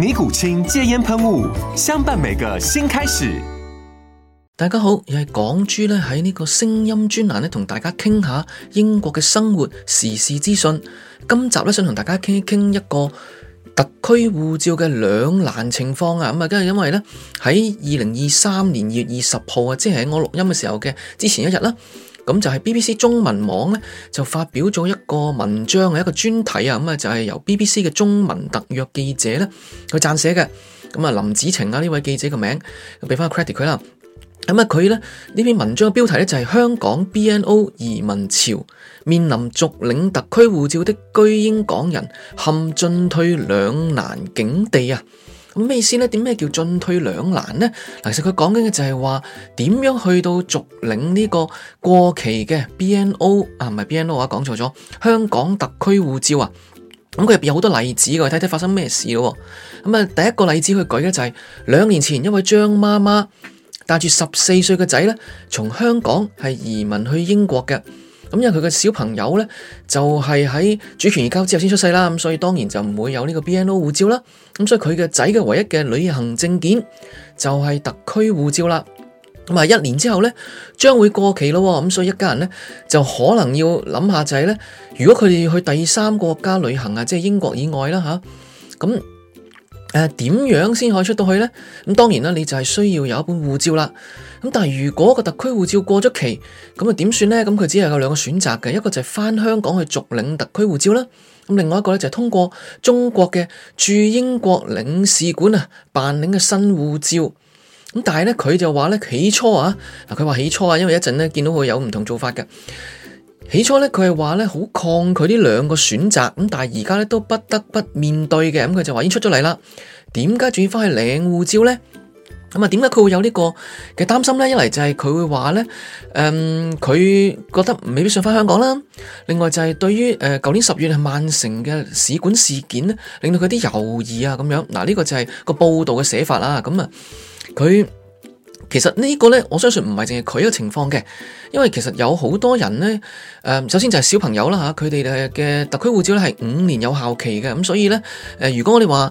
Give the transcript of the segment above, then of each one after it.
尼古清戒煙噴霧，相伴每個新開始。大家好，又係港豬咧，喺呢個聲音專欄呢，同大家傾下英國嘅生活時事資訊。今集呢，想同大家傾一傾一個特區護照嘅兩難情況啊！咁啊，梗係因為呢，喺二零二三年二月二十號啊，即係我錄音嘅時候嘅之前一日啦。咁就係 BBC 中文網咧，就發表咗一個文章，係一個專題啊！咁啊，就係、是、由 BBC 嘅中文特約記者咧，佢撰寫嘅。咁、嗯、啊，林子晴啊呢位記者嘅名，俾翻個 credit 佢啦。咁、嗯、啊，佢咧呢篇文章嘅標題咧就係、是《香港 BNO 移民潮面臨續領特區護照的居英港人陷進退兩難境地》啊！咩意思呢？點咩叫進退兩難呢？其實佢講緊嘅就係話，點樣去到續領呢個過期嘅 BNO 啊？唔係 BNO 啊，講錯咗，香港特區護照啊。咁佢入邊有好多例子嘅，睇睇發生咩事咯。咁、嗯、啊，第一個例子佢舉嘅就係、是、兩年前，一位張媽媽帶住十四歲嘅仔呢，從香港係移民去英國嘅。咁因為佢嘅小朋友咧，就係喺主權移交之後先出世啦，咁所以當然就唔會有呢個 BNO 護照啦。咁所以佢嘅仔嘅唯一嘅旅行證件就係特區護照啦。咁啊，一年之後咧將會過期咯，咁所以一家人咧就可能要諗下就係咧，如果佢哋要去第三國家旅行啊，即係英國以外啦吓。咁。誒，點樣先可以出到去呢？咁當然啦，你就係需要有一本護照啦。咁但係如果個特區護照過咗期，咁啊點算呢？咁佢只係有兩個選擇嘅，一個就係翻香港去續領特區護照啦。咁另外一個咧就係通過中國嘅駐英國領事館啊辦領嘅新護照。咁但係咧佢就話咧起初啊，佢話起初啊，因為一陣咧見到會有唔同做法嘅。起初咧，佢係話咧好抗拒呢兩個選擇，咁但係而家咧都不得不面對嘅，咁佢就話已經出咗嚟啦。點解轉翻去領護照咧？咁啊，點解佢會有個擔呢個嘅擔心咧？一嚟就係佢會話咧，誒、嗯，佢覺得未必想翻香港啦。另外就係對於誒，舊、呃、年十月係曼城嘅使館事件咧，令到佢有啲猶豫啊咁樣。嗱、啊，呢、這個就係個報道嘅寫法啦。咁啊，佢、嗯。其實呢個呢，我相信唔係淨係佢一個情況嘅，因為其實有好多人呢，誒、呃，首先就係小朋友啦吓，佢哋嘅特區護照呢係五年有效期嘅，咁所以呢，誒、呃，如果我哋話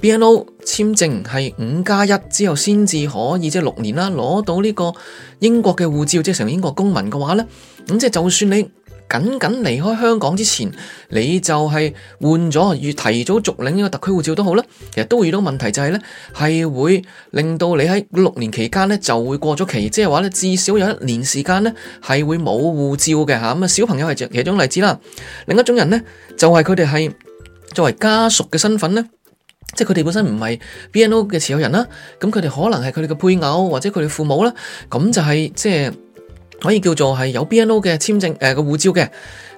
BNO 簽證係五加一之後先至可以即係六年啦，攞到呢個英國嘅護照，即係成為英國公民嘅話呢，咁即係就算你。僅僅離開香港之前，你就係換咗，越提早續領呢個特區護照都好啦。其實都會遇到問題就係、是、咧，係會令到你喺六年期間咧就會過咗期，即係話咧至少有一年時間咧係會冇護照嘅吓。咁、嗯、啊，小朋友係其中例子啦。另一種人咧就係佢哋係作為家屬嘅身份咧，即係佢哋本身唔係 BNO 嘅持有人啦。咁佢哋可能係佢哋嘅配偶或者佢哋父母啦。咁就係、是、即係。可以叫做係有 BNO 嘅簽證，誒、呃、個護照嘅，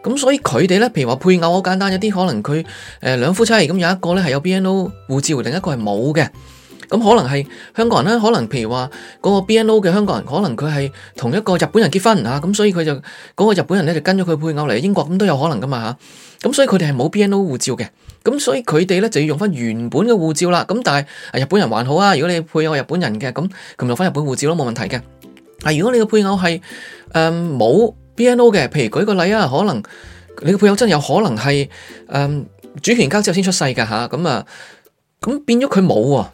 咁所以佢哋咧，譬如話配偶好簡單，有啲可能佢誒、呃、兩夫妻，咁有一個咧係有 BNO 護照，另一個係冇嘅，咁可能係香港人咧，可能譬如話嗰個 BNO 嘅香港人，可能佢係同一個日本人結婚啊，咁所以佢就嗰、嗰個日本人咧就跟咗佢配偶嚟英國，咁都有可能噶嘛嚇，咁所以佢哋係冇 BNO 護照嘅，咁所以佢哋咧就要用翻原本嘅護照啦，咁但係日本人還好啊，如果你配偶日本人嘅，咁佢就用翻日本護照都冇問題嘅。啊！如果你嘅配偶係，誒冇 BNO 嘅，譬如舉個例啊，可能你嘅配偶真有可能係，誒主權交接後先出世噶吓，咁啊，咁變咗佢冇，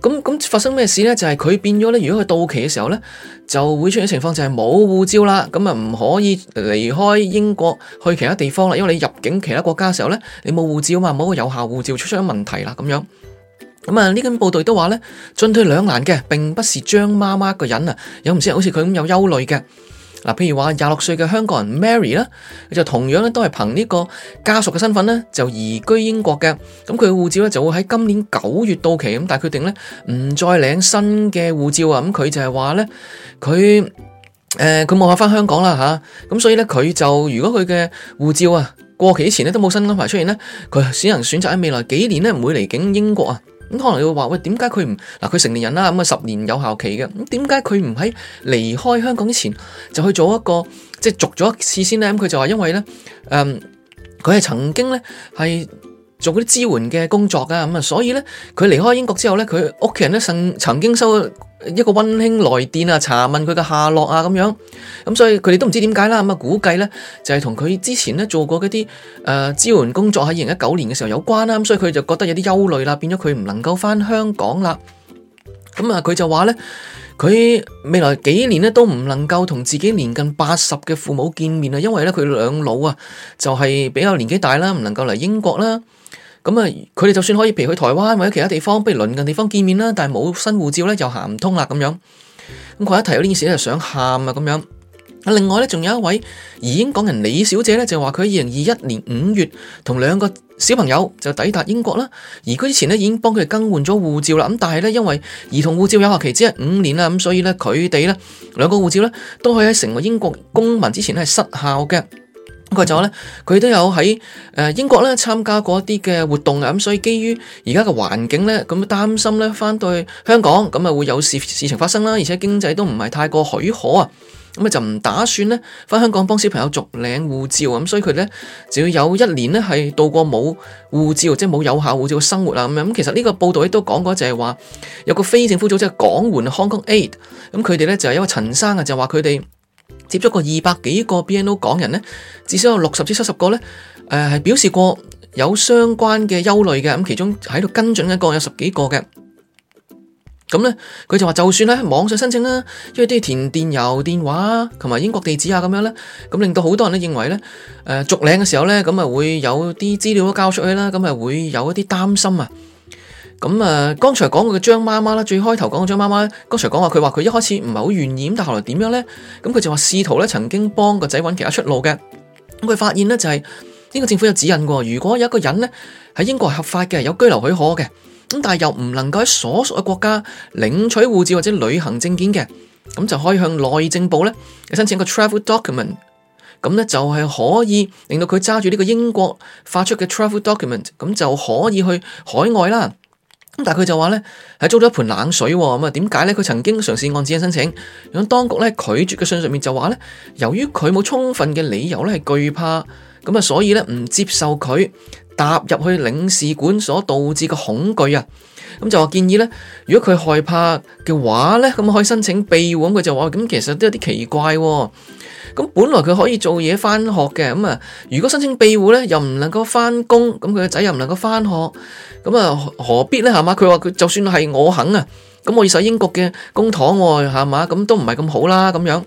咁咁發生咩事咧？就係佢變咗咧，如果佢到期嘅時候咧，就會出現情況就係冇護照啦，咁啊唔可以離開英國去其他地方啦，因為你入境其他國家嘅時候咧，你冇護照嘛，冇個有效護照，出咗問題啦，咁樣。咁啊！呢間部隊都話咧進退兩難嘅，並不是張媽媽一個人啊。知有唔少人好似佢咁有憂慮嘅嗱。譬如話廿六歲嘅香港人 Mary，佢就同樣咧都係憑呢個家屬嘅身份咧就移居英國嘅。咁佢嘅護照咧就會喺今年九月到期，咁，但係決定咧唔再領新嘅護照啊。咁佢就係話咧佢誒佢冇話翻香港啦嚇，咁，所以咧佢就如果佢嘅護照啊過期前咧都冇新安排出現咧，佢只能選擇喺未來幾年咧唔會離境英國啊。咁可能你會話喂，點解佢唔嗱，佢成年人啦，咁啊十年有效期嘅，咁點解佢唔喺離開香港之前就去做一個即係續咗一次先咧？咁、嗯、佢就話因為咧，誒佢係曾經咧係做嗰啲支援嘅工作㗎，咁啊所以咧佢離開英國之後咧，佢屋企人咧曾曾經收。一個温馨來電啊，查問佢嘅下落啊，咁樣，咁所以佢哋都唔知點解啦。咁啊，估計咧就係同佢之前咧做過嗰啲誒支援工作喺二零一九年嘅時候有關啦。咁所以佢就覺得有啲憂慮啦，變咗佢唔能夠翻香港啦。咁啊，佢就話咧，佢未來幾年咧都唔能夠同自己年近八十嘅父母見面啊，因為咧佢兩老啊就係比較年紀大啦，唔能夠嚟英國啦。咁啊，佢哋就算可以，譬如去台灣或者其他地方，不如鄰近地方見面啦，但係冇新護照咧，又行唔通啦咁樣。咁佢一提到呢件事咧，就想喊啊咁樣。另外咧，仲有一位移英港人李小姐咧，就話佢喺二零二一年五月同兩個小朋友就抵達英國啦。而佢之前咧已經幫佢哋更換咗護照啦。咁但係咧，因為兒童護照有效期只係五年啦，咁所以咧佢哋咧兩個護照咧都可以喺成為英國公民之前係失效嘅。咁佢就咧，佢都有喺誒英國咧參加過一啲嘅活動啊，咁所以基於而家嘅環境咧，咁擔心咧翻到香港咁啊會有事事情發生啦，而且經濟都唔係太過許可啊，咁啊就唔打算咧翻香港幫小朋友續領護照咁，所以佢咧就要有一年咧係度過冇護照，即係冇有，有效護照嘅生活啊咁樣。咁其實呢個報道亦都講過就係話有個非政府組織港援香港 Aid，咁佢哋咧就係一位陳生啊，就話佢哋。接觸過二百幾個 BNO 港人咧，至少有六十至七十個咧，誒、呃、係表示過有相關嘅憂慮嘅，咁其中喺度跟進一個有十幾個嘅，咁咧佢就話就算咧網上申請啦，因為都要填電郵、電話同埋英國地址啊，咁樣咧，咁令到好多人都認為咧，誒、呃、續領嘅時候咧，咁啊會有啲資料都交出去啦，咁啊會有一啲擔心啊。咁，剛才講過嘅張媽媽啦，最開頭講過張媽媽，剛才講話佢話佢一開始唔係好願意，但後來點樣呢？咁佢就話試圖咧曾經幫個仔揾其他出路嘅。咁佢發現咧就係呢個政府有指引喎，如果有一個人咧喺英國係合法嘅，有居留許可嘅，咁但係又唔能夠喺所屬嘅國家領取護照或者旅行證件嘅，咁就可以向內政部咧申請一個 travel document。咁咧就係可以令到佢揸住呢個英國發出嘅 travel document，咁就可以去海外啦。咁但係佢就話咧係遭到一盆冷水喎，咁啊點解咧？佢曾經嘗試按指引申請，咁當局咧拒絕嘅信上面就話咧，由於佢冇充分嘅理由咧係懼怕，咁啊所以咧唔接受佢踏入去領事館所導致嘅恐懼啊，咁就話建議咧，如果佢害怕嘅話咧，咁可以申請庇護，咁佢就話咁其實都有啲奇怪。咁本來佢可以做嘢返學嘅，咁啊，如果申請庇護咧，又唔能夠返工，咁佢個仔又唔能夠返學，咁啊，何必咧？係嘛？佢話佢就算係我肯啊，咁我要喺英國嘅公堂外，係嘛？咁都唔係咁好啦，咁樣。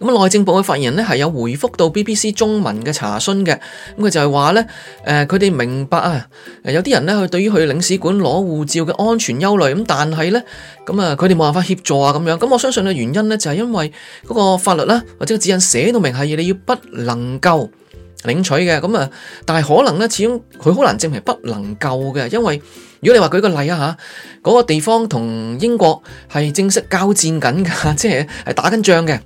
咁內政部嘅發言人咧，係有回覆到 BBC 中文嘅查詢嘅。咁佢就係話咧，誒佢哋明白啊，誒有啲人咧佢對於去領事館攞護照嘅安全憂慮咁，但係咧咁啊，佢哋冇辦法協助啊咁樣。咁我相信嘅原因咧就係、是、因為嗰個法律啦或者個指引寫到明係你要不能夠領取嘅咁啊，但係可能咧，始終佢好難證明不能夠嘅，因為如果你話舉個例啊嚇，嗰、那個地方同英國係正式交戰緊嘅，即係係打緊仗嘅。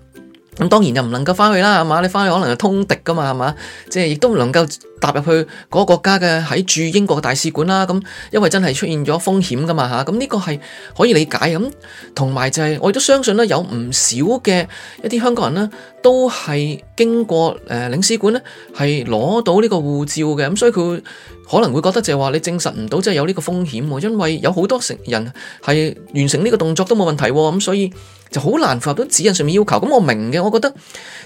咁當然就唔能夠翻去啦，係嘛？你翻去可能就通敵噶嘛，係嘛？即係亦都唔能夠踏入去嗰個國家嘅喺駐英國大使館啦。咁因為真係出現咗風險噶嘛嚇，咁呢個係可以理解。咁同埋就係我亦都相信咧，有唔少嘅一啲香港人咧，都係經過誒領事館咧，係攞到呢個護照嘅。咁所以佢，可能會覺得就係話你證實唔到，即係有呢個風險喎，因為有好多成人係完成呢個動作都冇問題喎，咁所以就好難符合到指引上面要求。咁我明嘅，我覺得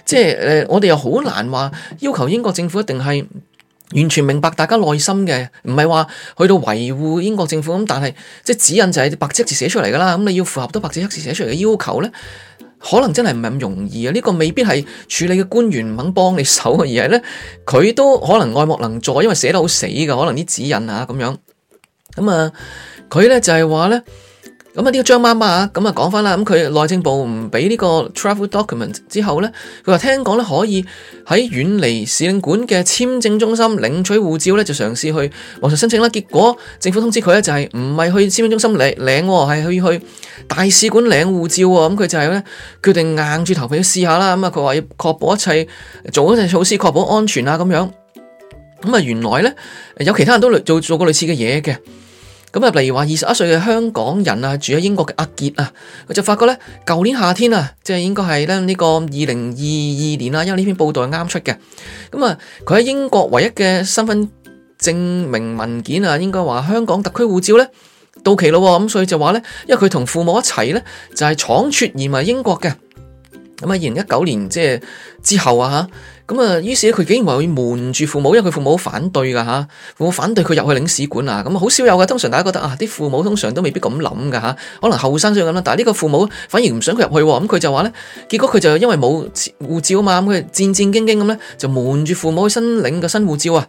即係誒，我哋又好難話要求英國政府一定係完全明白大家內心嘅，唔係話去到維護英國政府咁，但係即係指引就係白紙黑字寫出嚟噶啦，咁你要符合到白紙黑字寫出嚟嘅要求咧。可能真係唔係咁容易啊！呢、這個未必係處理嘅官員唔肯幫你手，嘅，而係咧佢都可能愛莫能助，因為寫得好死噶，可能啲指引啊咁樣。咁、嗯、啊，佢咧就係話咧。咁啊！呢個張媽媽啊，咁啊講翻啦。咁佢內政部唔畀呢個 travel document 之後咧，佢話聽講咧可以喺遠離使領館嘅簽證中心領取護照咧，就嘗試去網上申請啦。結果政府通知佢咧，就係唔係去簽證中心領領，係去去大使館領護照喎。咁佢就係咧決定硬住頭皮去試下啦。咁啊，佢話要確保一切，做一切措施確保安全啊咁樣。咁啊，原來咧有其他人都做做過類似嘅嘢嘅。咁啊，例如話二十一歲嘅香港人啊，住喺英國嘅阿傑啊，佢就發覺咧，舊年夏天啊，即係應該係咧呢個二零二二年啦，因為呢篇報道係啱出嘅。咁啊，佢喺英國唯一嘅身份證明文件啊，應該話香港特區護照咧到期咯，咁所以就話咧，因為佢同父母一齊咧，就係闖出而埋英國嘅。咁啊！二零一九年即係之後啊，吓咁啊，於是佢竟然話要瞞住父母，因為佢父母好反對噶吓，父母反對佢入去領事館啊，咁好少有噶，通常大家覺得啊，啲父母通常都未必咁諗噶吓，可能後生先咁啦。但係呢個父母反而唔想佢入去，咁、嗯、佢就話咧，結果佢就因為冇護照啊嘛，咁、嗯、佢戰戰兢兢咁咧，就瞞住父母去申領個新護照啊。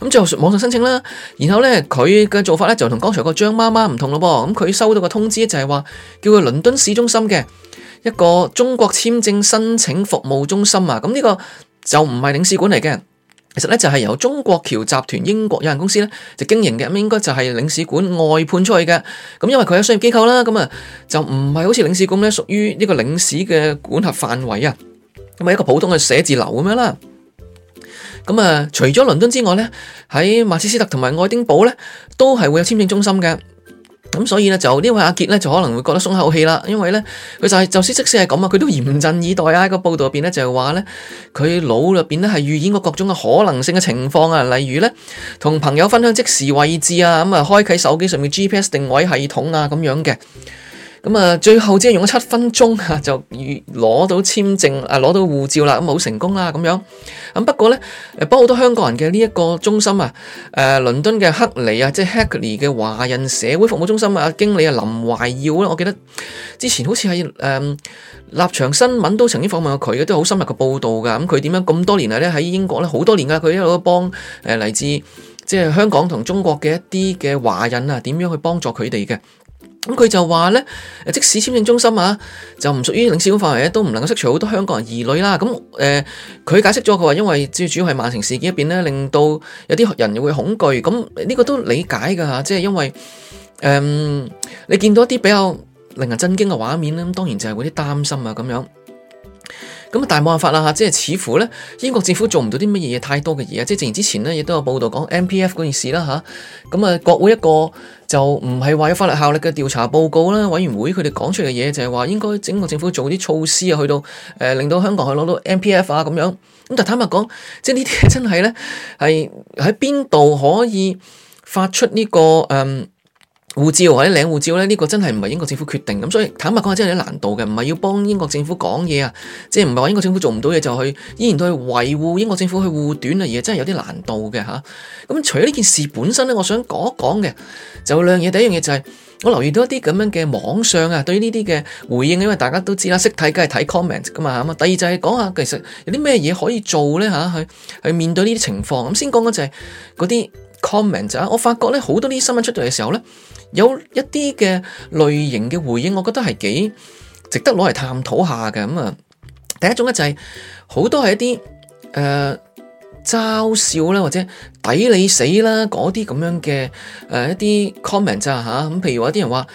咁、嗯、最後網上申請啦，然後咧佢嘅做法咧就剛媽媽同剛才個張媽媽唔同咯噃，咁、嗯、佢收到個通知就係話叫佢去倫敦市中心嘅。一個中國簽證申請服務中心啊，咁、這、呢個就唔係領事館嚟嘅，其實咧就係由中國僑集團英國有限公司咧就經營嘅，咁應該就係領事館外判出去嘅，咁因為佢有商業機構啦，咁啊就唔係好似領事館咧屬於呢個領事嘅管轄範圍啊，咁啊一個普通嘅寫字樓咁樣啦，咁啊除咗倫敦之外咧，喺曼徹斯特同埋愛丁堡咧都係會有簽證中心嘅。咁所以咧就呢位阿杰咧就可能會覺得鬆口氣啦，因為咧佢就係、是、就算即使係咁啊，佢都嚴陣以待啊！喺個報道入邊咧就係話咧佢腦入邊咧係預演過各種嘅可能性嘅情況啊，例如咧同朋友分享即時位置啊，咁、嗯、啊開啓手機上面 GPS 定位系統啊咁樣嘅。咁啊，最後只係用咗七分鐘啊，就攞到簽證啊，攞到護照啦，咁好成功啦咁樣。咁不過咧，幫好多香港人嘅呢一個中心啊，誒，倫敦嘅克尼啊，即係 Hackney 嘅華人社會服務中心啊，經理啊林懷耀啦，我記得之前好似喺誒立場新聞都曾經訪問過佢嘅，都好深入嘅報導噶。咁佢點樣咁多年嚟咧喺英國咧好多年噶，佢一路都幫誒嚟、啊、自即係、就是、香港同中國嘅一啲嘅華人啊，點樣去幫助佢哋嘅。咁佢就話咧，即使簽證中心啊，就唔屬於領事館範圍咧，都唔能夠消除好多香港人疑慮啦。咁誒，佢、呃、解釋咗佢話，因為最主要係曼城事件入邊咧，令到有啲人會恐懼。咁呢、呢個都理解㗎嚇，即係因為誒、呃，你見到一啲比較令人震驚嘅畫面咧，咁當然就係會啲擔心啊咁樣。咁但係冇辦法啦吓，即係似乎咧，英國政府做唔到啲乜嘢嘢，太多嘅嘢啊！即係正如之前咧，亦都有報道講 M P F 嗰件事啦吓。咁啊、嗯，國會一個就唔係話有法律效力嘅調查報告啦，委員會佢哋講出嘅嘢就係話應該整個政府做啲措施啊，去到誒、呃、令到香港去攞到 M P F 啊咁樣。咁但坦白講，即係呢啲真係咧，係喺邊度可以發出呢、這個誒？嗯護照或者領護照咧，呢、這個真係唔係英國政府決定咁所以坦白講係真係有啲難度嘅。唔係要幫英國政府講嘢啊，即係唔係話英國政府做唔到嘢就去，依然都去維護英國政府去護短啊，而係真係有啲難度嘅嚇。咁除咗呢件事本身呢，我想講一講嘅就兩樣嘢，第一樣嘢就係、是、我留意到一啲咁樣嘅網上啊，對於呢啲嘅回應，因為大家都知啦，識睇梗係睇 comment 噶嘛嚇、啊、嘛。第二就係講下其實有啲咩嘢可以做呢？吓、啊，去去面對呢啲情況。咁、啊、先講講就係嗰啲 comment 啊，我發覺呢好多啲新聞出到嘅時候呢。有一啲嘅類型嘅回應，我覺得係幾值得攞嚟探討下嘅。咁、嗯、啊，第一種咧就係、是、好多係一啲誒、呃、嘲笑啦，或者抵你死啦嗰啲咁樣嘅誒、呃、一啲 comment 咋、啊、吓，咁譬如話啲人話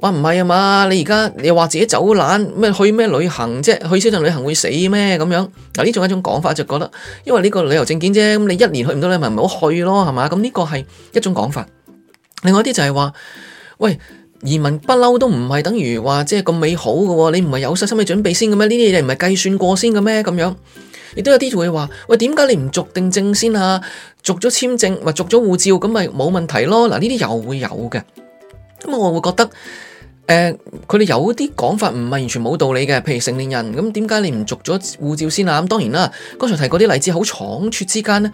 哇唔係啊嘛，你而家又話自己走懶咩？去咩旅行啫？去超鎮旅行會死咩？咁樣嗱，呢種一種講法就覺得，因為呢個旅遊證件啫，咁你一年去唔到你咪唔好去咯，係嘛？咁呢個係一種講法。另外啲就係話，喂，移民不嬲都唔係等於話即係咁美好嘅，你唔係有晒心理準備先嘅咩？呢啲嘢唔係計算過先嘅咩？咁樣，亦都有啲會話，喂，點解你唔續定證先啊？續咗簽證，咪續咗護照，咁咪冇問題咯？嗱，呢啲又會有嘅，咁我會覺得。誒，佢哋、呃、有啲講法唔係完全冇道理嘅，譬如成年人咁，點解你唔續咗護照先啊？咁當然啦，剛才提過啲例子，好倉促之間呢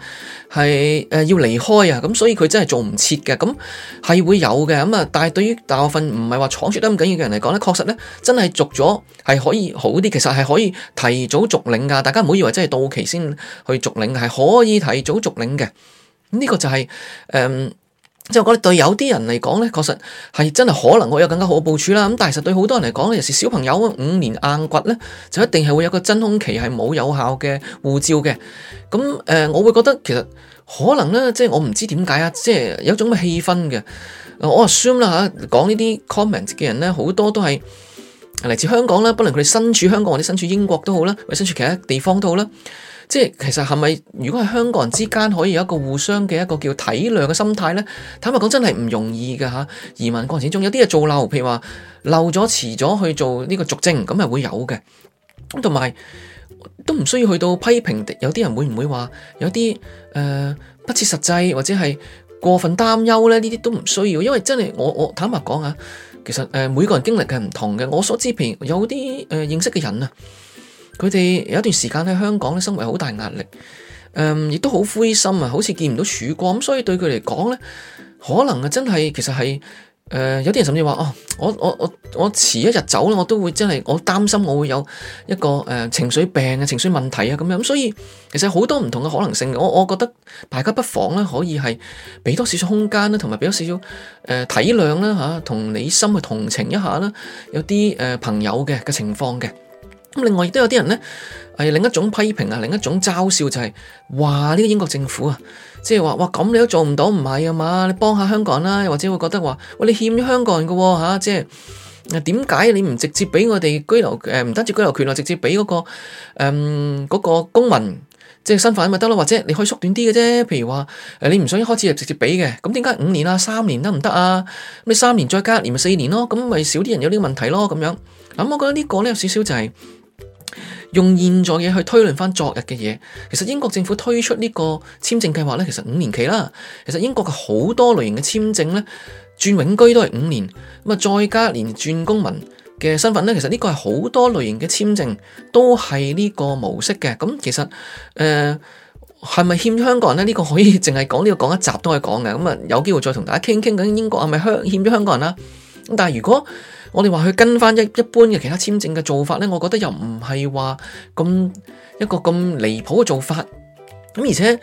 係誒、呃、要離開啊，咁、嗯、所以佢真係做唔切嘅，咁、嗯、係會有嘅咁啊。但係對於大部分唔係話倉促得咁緊要嘅人嚟講呢，確實呢真係續咗係可以好啲，其實係可以提早續領噶。大家唔好以為真係到期先去續領，係可以提早續領嘅。呢、嗯這個就係、是、誒。呃即係我哋對有啲人嚟講咧，確實係真係可能會有更加好嘅部署啦。咁但係實對好多人嚟講咧，尤其是小朋友五年硬骨咧，就一定係會有個真空期係冇有效嘅護照嘅。咁誒、呃，我會覺得其實可能咧，即係我唔知點解啊，即係有種咁嘅氣氛嘅。我 assume 啦、啊、吓，講呢啲 comment 嘅人咧，好多都係嚟自香港啦，不論佢哋身處香港或者身處英國都好啦，或者身處其他地方都好啦。即係其實係咪如果係香港人之間可以有一個互相嘅一個叫體諒嘅心態咧？坦白講真係唔容易嘅吓，移民過程中有啲嘢做漏，譬如話漏咗、遲咗去做呢個續證，咁係會有嘅。咁同埋都唔需要去到批評，有啲人會唔會話有啲誒、呃、不切實際或者係過分擔憂咧？呢啲都唔需要，因為真係我我坦白講啊，其實誒、呃、每個人經歷係唔同嘅，我所知譬如有啲誒、呃、認識嘅人啊。佢哋有一段時間喺香港咧，生活好大壓力，亦、嗯、都好灰心啊，好似見唔到曙光咁，所以對佢嚟講咧，可能啊真係其實係誒、呃、有啲人甚至話哦，我我我我遲一日走咧，我都會真係我擔心我會有一個誒、呃、情緒病嘅情緒問題啊咁樣，所以其實好多唔同嘅可能性嘅，我我覺得大家不妨咧可以係畀多少少空間咧，同埋俾多少少誒體諒啦嚇，同你心去同情一下啦，有啲誒、呃、朋友嘅嘅情況嘅。咁另外亦都有啲人呢，係另一種批評啊，另一種嘲笑就係話呢個英國政府啊，即係話哇咁你都做唔到，唔係啊嘛，你幫下香港啦，又或者會覺得話喂你欠咗香港人嘅喎嚇，即係點解你唔直接畀我哋居留呃、唔單止居留權啊，直接畀嗰、嗰個誒、呃嗰個、公民即係、就是、身份咪得咯？或者你可以縮短啲嘅啫，譬如話誒、呃、你唔想一開始就直接畀嘅，咁點解五年啊三年得唔得啊？你三年再加一年咪四年咯，咁咪少啲人有呢個問題咯咁樣。咁我覺得呢個呢，有少少就係、是。用現在嘢，去推論翻昨日嘅嘢，其實英國政府推出呢個簽證計劃咧，其實五年期啦。其實英國嘅好多類型嘅簽證咧，轉永居都係五年。咁啊，再加連轉公民嘅身份咧，其實呢個係好多類型嘅簽證都係呢個模式嘅。咁其實誒，係、呃、咪欠香港人咧？呢、呢個可以淨係講呢個講一集都可以講嘅。咁啊，有機會再同大家傾傾緊英國係咪香欠咗香港人啦。咁但係如果。我哋話去跟翻一一般嘅其他簽證嘅做法咧，我覺得又唔係話咁一個咁離譜嘅做法。咁而且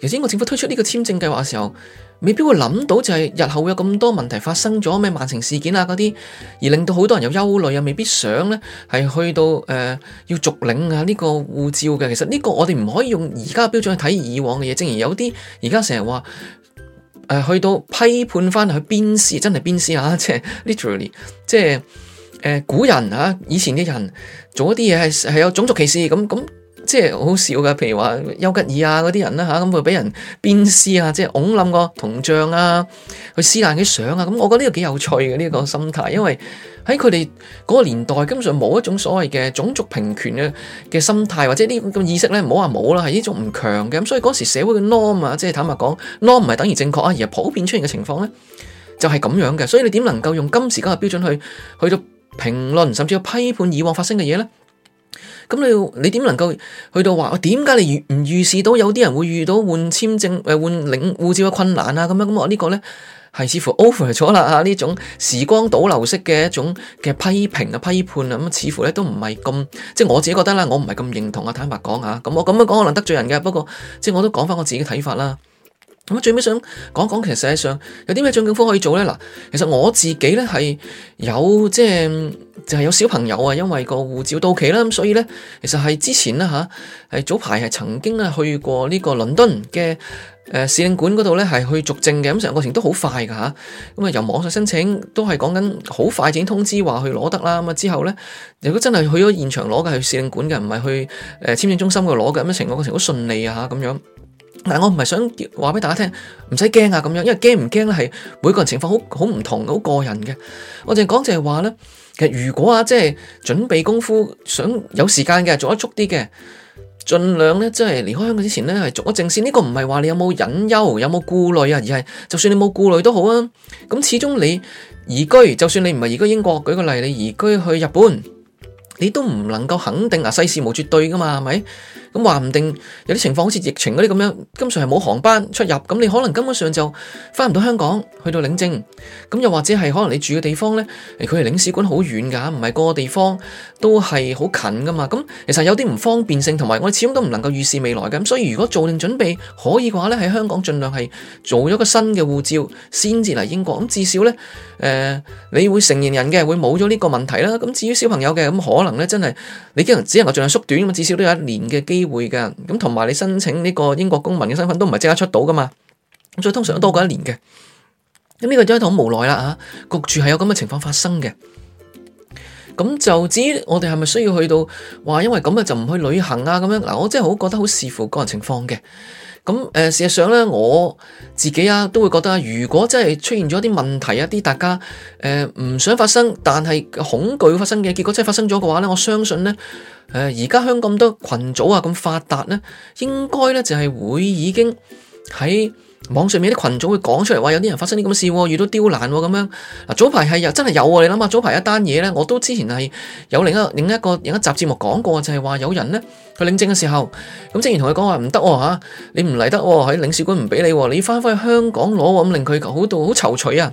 頭先英國政府推出呢個簽證計劃嘅時候，未必會諗到就係日後會有咁多問題發生咗咩曼城事件啊嗰啲，而令到好多人有憂慮啊，未必想咧係去到誒、呃、要續領啊呢、這個護照嘅。其實呢個我哋唔可以用而家嘅標準去睇以往嘅嘢，正如有啲而家成日話。誒去到批判翻去鞭屍，真係鞭屍啊！即係 literally，即係誒、呃、古人啊，以前啲人做一啲嘢係係有種族歧視咁咁即係好少㗎，譬如話丘吉爾啊嗰啲人啦嚇，咁佢畀人鞭屍啊，即係拱冧個銅像啊，去撕爛啲相啊，咁我覺得呢個幾有趣嘅呢個心態，因為喺佢哋嗰個年代根本上冇一種所謂嘅種族平權嘅嘅心態或者呢咁意識咧，唔好話冇啦，係呢種唔強嘅，咁所以嗰時社會嘅 norm 啊，即係坦白講 norm 唔係等於正確啊，而係普遍出現嘅情況咧，就係、是、咁樣嘅，所以你點能夠用今時今日標準去去到評論甚至去批判以往發生嘅嘢咧？咁你你點能夠去到話，點解你唔預示到有啲人會遇到換簽證誒換領護照嘅困難啊咁樣？咁我呢個呢，係似乎 over 咗啦，吓，呢種時光倒流式嘅一種嘅批評啊批判啊，咁似乎呢都唔係咁，即係我自己覺得啦，我唔係咁認同啊坦白講啊。咁我咁樣講可能得罪人嘅，不過即係我都講翻我自己嘅睇法啦。咁最尾想講一講，其實實際上有啲咩障礙科可以做呢？嗱，其實我自己咧係有即係就係有小朋友啊，因為個護照到期啦，咁所以咧，其實係之前啦嚇，係早排係曾經咧去過呢個倫敦嘅誒使領館嗰度咧係去續證嘅，咁成個過程都好快噶嚇，咁啊由網上申請都係講緊好快整通知話去攞得啦，咁啊之後咧，如果真係去咗現場攞嘅，去使領館嘅，唔係去誒簽證中心度攞嘅，咁樣成個過程好順利啊嚇咁樣。嗱，但我唔係想話畀大家聽，唔使驚啊咁樣，因為驚唔驚咧係每個人情況好好唔同，好個人嘅。我淨係講就係話呢，其實如果啊，即係準備功夫，想有時間嘅，做得足啲嘅，盡量呢，即係離開香港之前呢，係做一個正先。呢、這個唔係話你有冇隱憂，有冇顧慮啊，而係就算你冇顧慮都好啊。咁始終你移居，就算你唔係移居英國，舉個例，你移居去日本。你都唔能夠肯定，嗱世事無絕對噶嘛，係咪？咁話唔定有啲情況好似疫情嗰啲咁樣，根本上係冇航班出入，咁你可能根本上就翻唔到香港，去到領證。咁又或者係可能你住嘅地方咧，佢離領事館好遠㗎，唔係個個地方都係好近噶嘛。咁其實有啲唔方便性，同埋我哋始終都唔能夠預示未來嘅。咁所以如果做定準備可以嘅話咧，喺香港儘量係做咗個新嘅護照先至嚟英國。咁至少咧，誒、呃，你會成年人嘅會冇咗呢個問題啦。咁至於小朋友嘅咁可能……可能咧真係你只能只能夠盡量縮短咁，至少都有一年嘅機會嘅。咁同埋你申請呢個英國公民嘅身份都唔係即刻出到噶嘛，咁所以通常都多過一年嘅。咁呢個真係好無奈啦吓，焗住係有咁嘅情況發生嘅。咁就至於我哋係咪需要去到，話，因為咁啊就唔去旅行啊咁樣嗱，我真係好覺得好視乎個人情況嘅。咁誒，事實上咧，我自己啊都會覺得，如果真係出現咗啲問題，一啲大家誒唔、呃、想發生，但係恐懼發生嘅結果真係發生咗嘅話咧，我相信咧誒，而、呃、家香港咁多群組啊咁發達咧，應該咧就係、是、會已經喺網上面啲群組會講出嚟話有啲人發生啲咁嘅事，遇到刁難咁樣。嗱，早排係又真係有喎，你諗下早排一單嘢咧，我都之前係有另一另一個另一集節目講過，就係話有人咧佢領證嘅時候，咁正前同佢講話唔得吓，你唔嚟得喎，喺領事館唔俾你，你翻返去香港攞，咁令佢好到好躊躇啊！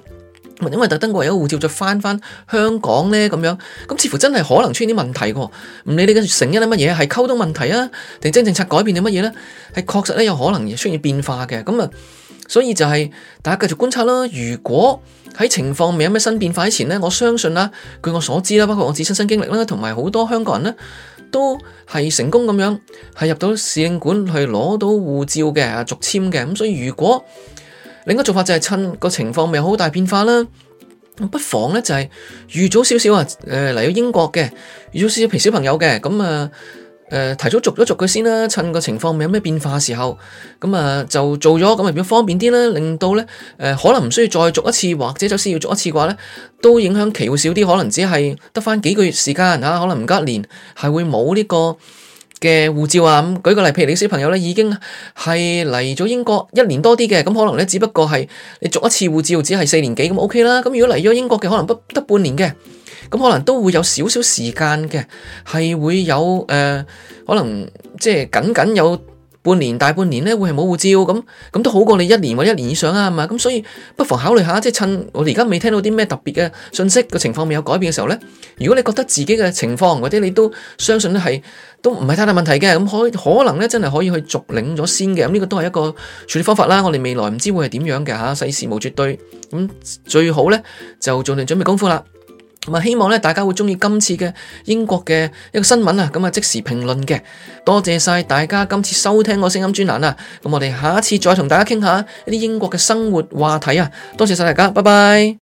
因為特登為咗護照就翻返香港咧咁樣，咁似乎真係可能出現啲問題嘅。唔理你跟住成因係乜嘢，係溝通問題啊，定真政策改變啲乜嘢咧？係確實咧有可能出現變化嘅，咁啊～所以就係大家繼續觀察啦。如果喺情況未有咩新變化之前呢，我相信啦，據我所知啦，包括我自己親身經歷啦，同埋好多香港人咧，都係成功咁樣係入到使領館去攞到護照嘅續簽嘅。咁所以如果另一個做法就係趁個情況未好大變化啦，不妨咧就係、是、預早少少啊。誒嚟到英國嘅，預早少少譬如小朋友嘅咁啊。誒、呃、提早續咗續佢先啦，趁個情況未有咩變化嘅時候，咁啊就做咗，咁啊比較方便啲啦，令到咧誒、呃、可能唔需要再續一次，或者就算要續一次嘅話咧，都影響期會少啲，可能只係得返幾個月時間嚇、啊，可能唔隔一年，係會冇呢個嘅護照啊咁。舉個例，譬如你小朋友咧已經係嚟咗英國一年多啲嘅，咁、嗯、可能咧只不過係你續一次護照，只係四年幾咁、嗯、OK 啦。咁、嗯、如果嚟咗英國嘅，可能不得半年嘅。咁可能都會有少少時間嘅，係會有誒、呃，可能即係僅僅有半年、大半年咧，會係冇護照咁，咁都好過你一年或者一年以上啊，係嘛？咁所以不妨考慮下，即係趁我哋而家未聽到啲咩特別嘅信息嘅情況未有改變嘅時候咧，如果你覺得自己嘅情況或者你都相信都係都唔係太大問題嘅，咁可可能咧真係可以去續領咗先嘅，咁呢個都係一個處理方法啦。我哋未來唔知會係點樣嘅嚇，世事無絕對，咁最好咧就做啲準備功夫啦。希望大家會鍾意今次嘅英國嘅一個新聞啊，咁啊即時評論嘅，多謝曬大家今次收聽我聲音專欄啊，咁我哋下一次再同大家傾下一啲英國嘅生活話題啊，多謝曬大家，拜拜。